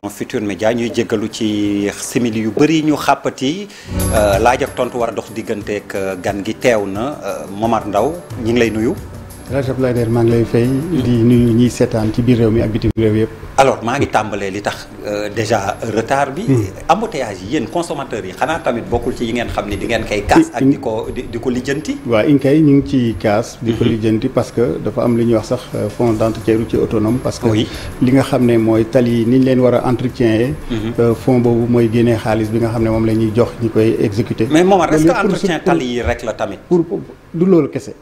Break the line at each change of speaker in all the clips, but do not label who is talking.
télévision Futur Média ñuy jéggalu ci simili yu bëri ñu xàppati euh, laaj ak tontu war a dox digganteeg euh, gan gi teew na euh, Momar Ndao ñu ngi lay nuyu.
Elhadji Abdoulaye Der maa ngi lay fay. di nuyu ñiy seetaan ci biir réew mi ak bitim réew yëpp.
alors maa ngi tàmbalee li tax euh, déjà retard bi. Hmm. embouteillage yi yéen consommateurs yi xanaa tamit bokkul ci yi ngeen xam ni di ngeen koy kaas ak di ko di ko lijjanti.
waa in kay ñu ngi ci kaas. di ko hmm. lijjanti parce que dafa am lu ñuy wax sax euh, fonds d'entretien ci autonome. parce que li nga xam ne mooy tali yi ñu leen war a entretien hmm. euh, fonds boobu mooy génnee xaalis bi nga xam ne moom la ñuy jox ñi koy exécuter. mais moom est-ce que entretien tali yi rek la tamit. pour du loolu kese.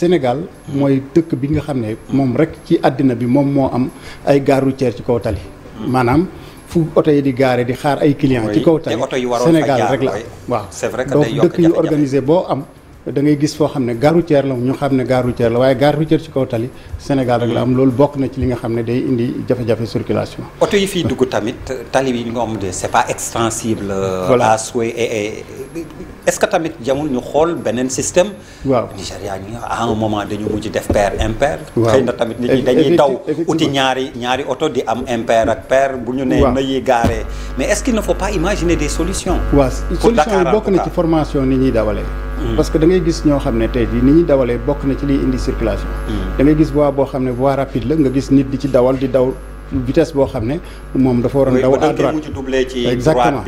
Sénégal mooy dëkk bi nga xam ne moom rek ci àddina bi moom moo am ay gare routière ci kaw tali maanaam fu oto yi di gaare di xaar ay clients ci kaw tali Sénégal rek la am waaw donc dëkk yu organisé boo am da ngay gis foo xam ne gare routière la ñu xam ne gare routière la waaye gare routière ci kaw tali Sénégal rek la am loolu bokk na ci li nga xam ne day indi jafe-jafe circulation.
oto yi fiy dugg tamit tali bi ñu am de c'est pas extensible. Euh, voilà à souhait et est-ce que tamit jamul ñu xool beneen système. waaw Nigéria ñu à un moment dañu mujj def pair impair. waaw na tamit nit ñi dañuy daw uti ñaari ñaari oto di am impair ak pair. bu ñu nee na yi gaaree mais est-ce qu'il ne faut pas imaginer des solutions. solution yi bokk na ci
formation ni ñuy dawalee. Mm. parce que da gis ñoo xam ne tey jii ni ñuy dawalee bokk na ci liy indi circulation. Mm. da gis voie boo xam ne voie rapide la nga gis nit di ci dawal di daw. vitesse boo xam ne moom dafa waroon daw à droite exactement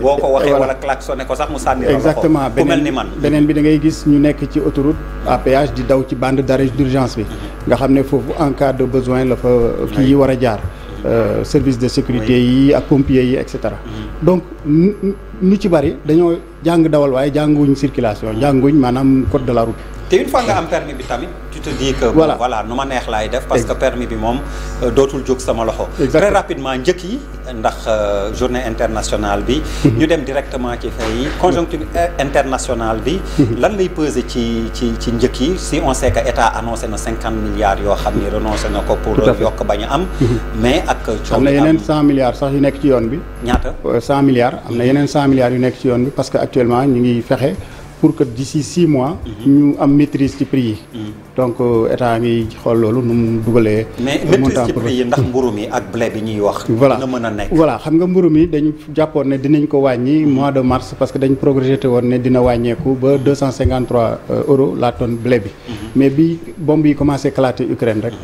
boo ko waxee wala klaxonné ko sax mu sànni exactement ku ni man beneen
bi da ngay gis ñu nekk ci autoroute à di daw ci bande d'arrêt d'urgence bi mm-hmm. nga xam ne foofu en besoin la fa kii yi war a jaar Euh, service de sécurité yi ak pompiers yi et cetera. Mm-hmm. donc nu ci bari dañoo jàng dawal waaye jànguñ circulation jànguñ maanaam code de la route.
te une fois nga am permis bi tamit tu te dis que. voilà bon, nu ma neex lay def. parce que permis bi moom euh, dootul jóg sama loxo. très rapidement njëkk yi ndax euh, journée internationale bi. Mhm. ñu dem directement ci fay yi conjoncture euh, internationale bi. Mhm. lan lay peser ci ci ci njëkk yi si on sait que état annoncé na cinquante milliards yoo xam ni renoncé na ko. pour yokk bañ a am. Mhm. mais ak coono am
na milliards sax yu nekk ci yoon bi. ñaata cent milliards am na yeneen cent milliards yu nekk ci yoon bi parce que actuellement ñu ngi fexe. pour que d'ici six mois. Mhm. ñu am maîtrise ci prix yi. Mhm. donc euh, état ngi xool loolu nu mu dugalee. mais maîtrise ci prix yi ndax mburu mi ak blé bi ñuy wax. voilà dina mën a voilà xam nga mburu mi dañu jàppoon ne dinañ ko wàññi mhm. mois de mars parce que dañ projeté woon ne dina wàññeeku ba deux cent cinquante trois euh, la tonne blé bi. mais bi bomb yi commencé claté Ukraine rek.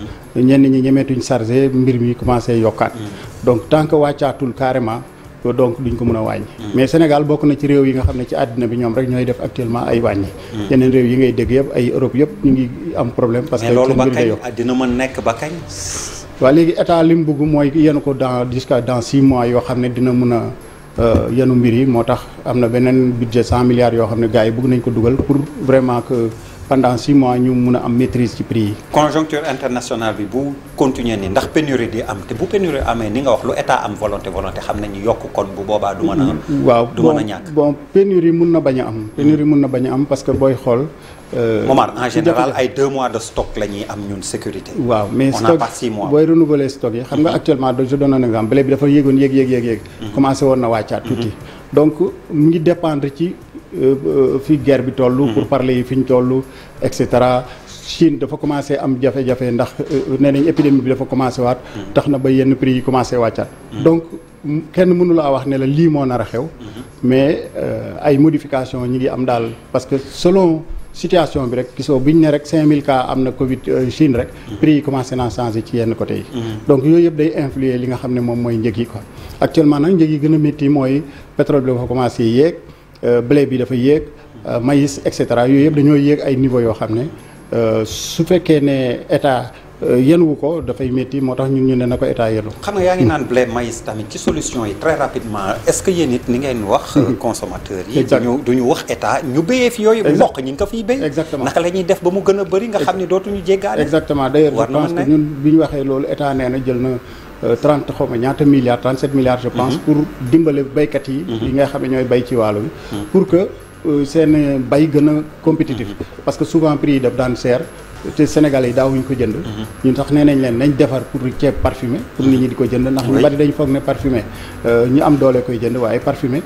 ñenn ñi ñemeetuñ chargé mbir mi commencé yokkaat. donc tant wàccaatul carrément. donc duñ ko mën a wàññi. mais Sénégal bokk na ci réew yi nga xam ne ci àddina bi ñoom rek ñooy def actuellement ay wàññi. Hmm. yeneen réew yi ngay dégg yëpp ay Europe yëpp ñu ngi am problème. parce que loolu ba kañ
dina mën nekk ba kañ.
waaw léegi état li mu mooy yenu ko dans jusqu'à dans six mois yoo xam ne dina mën a euh, yenu mbir yi moo tax am na beneen budget cent milliards yoo xam ne gars yi bëgg nañ ko dugal pour vraiment que. pendant six mois ñu mun a am maîtrise ci prix yi.
conjoncture internationale bi bu continuer ni ndax pénurie di am te bu pénurie amee ni nga wax lu état am volonté volonté xam nañu yokk kon bu boobaa du mën a. Mm-hmm. waaw du mën a ñàkk
bon pénurie mun na bañ a am. pénurie mun parce que booy xool. Euh, Momar en général
ay deux mois de stock la am ñun sécurité. waaw mais stock booy
renouveler stock yi xam nga mm-hmm. actuellement je donne un exemple bi dafa yéegoon yéeg yéeg yéeg yéeg. Mm-hmm. woon na Euh, fi guerre bi toll. Mhm. pour parler yi fi ñu toll et cetera. Chine dafa commencé am jafe-jafe ndax euh, nee nañ épidémie bi dafa commencé waat. Mhm. tax na ba yenn prix yi commencé wàccaat. Mhm. donc kenn mënu laa wax ne la lii moo nar a xew. mais euh, ay modification ñi ngi am daal parce que selon. situation bi rek gisoo biñ ne rek mille cas am na Covid Chine rek. prix yi commencé naa changé ci yenn côté yi. donc yooyu yëpp day influer li nga xam ne moom mooy njëg yi quoi. actuellement nag njëg yi mooy Euh, blé bi dafa yéeg euh, mais et cetera yooyu yëpp dañoo yéeg ay niveau yoo xam ne euh, su fekkee ne état yéen wu ko dafay métti moo tax ñun ñu ne na ko état yéenu. xam
nga yaa ngi naan blé ci solution yi très rapidement est-ce que yéen it ni ngeen wax. Mm-hmm. consommateurs yi. exactement du ñu wax état ñu béyee fi yooyu. mboq ñu ngi ko fiy béy. exactement naka la ñuy def ba mu gën a bëri nga xam ne dootuñu
jéggaale. exactement d'ailleurs je pense que ñun bi ñu waxee loolu état nee na jël na. 30 euh, xaw ma ñaata milliards 37 milliards je pense mhm. pour dimbale béykat yi mhm. li nga xam ne ñooy bay ci waalo bi mhm. pour que euh, seen bay gën a compétitif parce que souvent prix yi daf daan seer te Sénégalais yi daawuñu ko jënd ñu sax nee nañ leen nañ defar pour ceeb parfumé pour nit ñi di ko jënd ndax ñu bari dañ foog ne parfumé euh, ñu am doole koy jënd waaye parfumé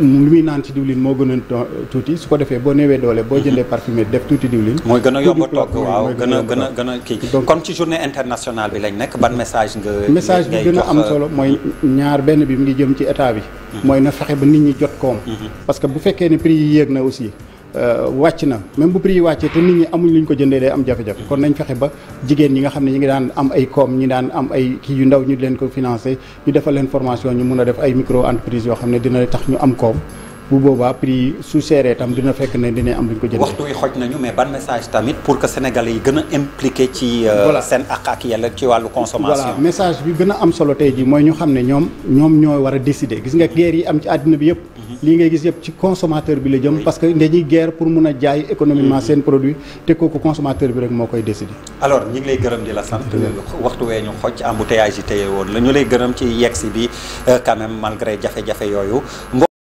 lu muy naan ci diwlin moo gën a tuuti su ko defee boo newee doole boo jëndee mhm. parfumé def tuuti diwlin. mooy gën a yomb
a togg waaw gën a gën a gën a kii comme ci journée internationale bi lañ nekk ban message nga. message bi gën a am euh, solo
mooy hmm. ñaar benn bi mu ngi jëm ci état bi. Hmm. mooy na fexe ba nit ñi jot koom. Hmm. parce que bu fekkee ne prix yi yéeg na aussi. Euh, wàcc na même bu prix yi wàccee te nit ñi amuñ luñ ko jëndee day am jafe-jafe kon nañ fexe ba jigéen ñi nga xam ne ñi ngi daan am ay koom ñi daan am ay kii yu ndaw ñu leen ko financé ñu defal leen formation ñu mun a def ay micro entreprise yoo xam ne dina tax ñu am koom bu boobaa prix su seeree tam dina fekk ne dina am luñ ko jënd waxtu
wi xoj nañu mais ban message tamit pour que sénégalais yi gën a impliqué ci euh, seen ak ak ci wàllu consommation
message bi gën am solo tey ji mooy ñu xam ne ñoom ñoom ñoo war a décider gis nga guerre yi am ci àddina bi yëpp mhm. lii gis yëpp ci consommateur bi la jëm parce que dañuy guerre pour mun jaay économiquement mhm. seen produit te kooku consommateur bi rek moo koy décider
alors ñi ngi lay gërëm di la sant waxtu wee ñu bu embouteillage yi tey woon la ñu lay gërëm ci yegsi bi euh, quand même malgré jafe-jafe yooyu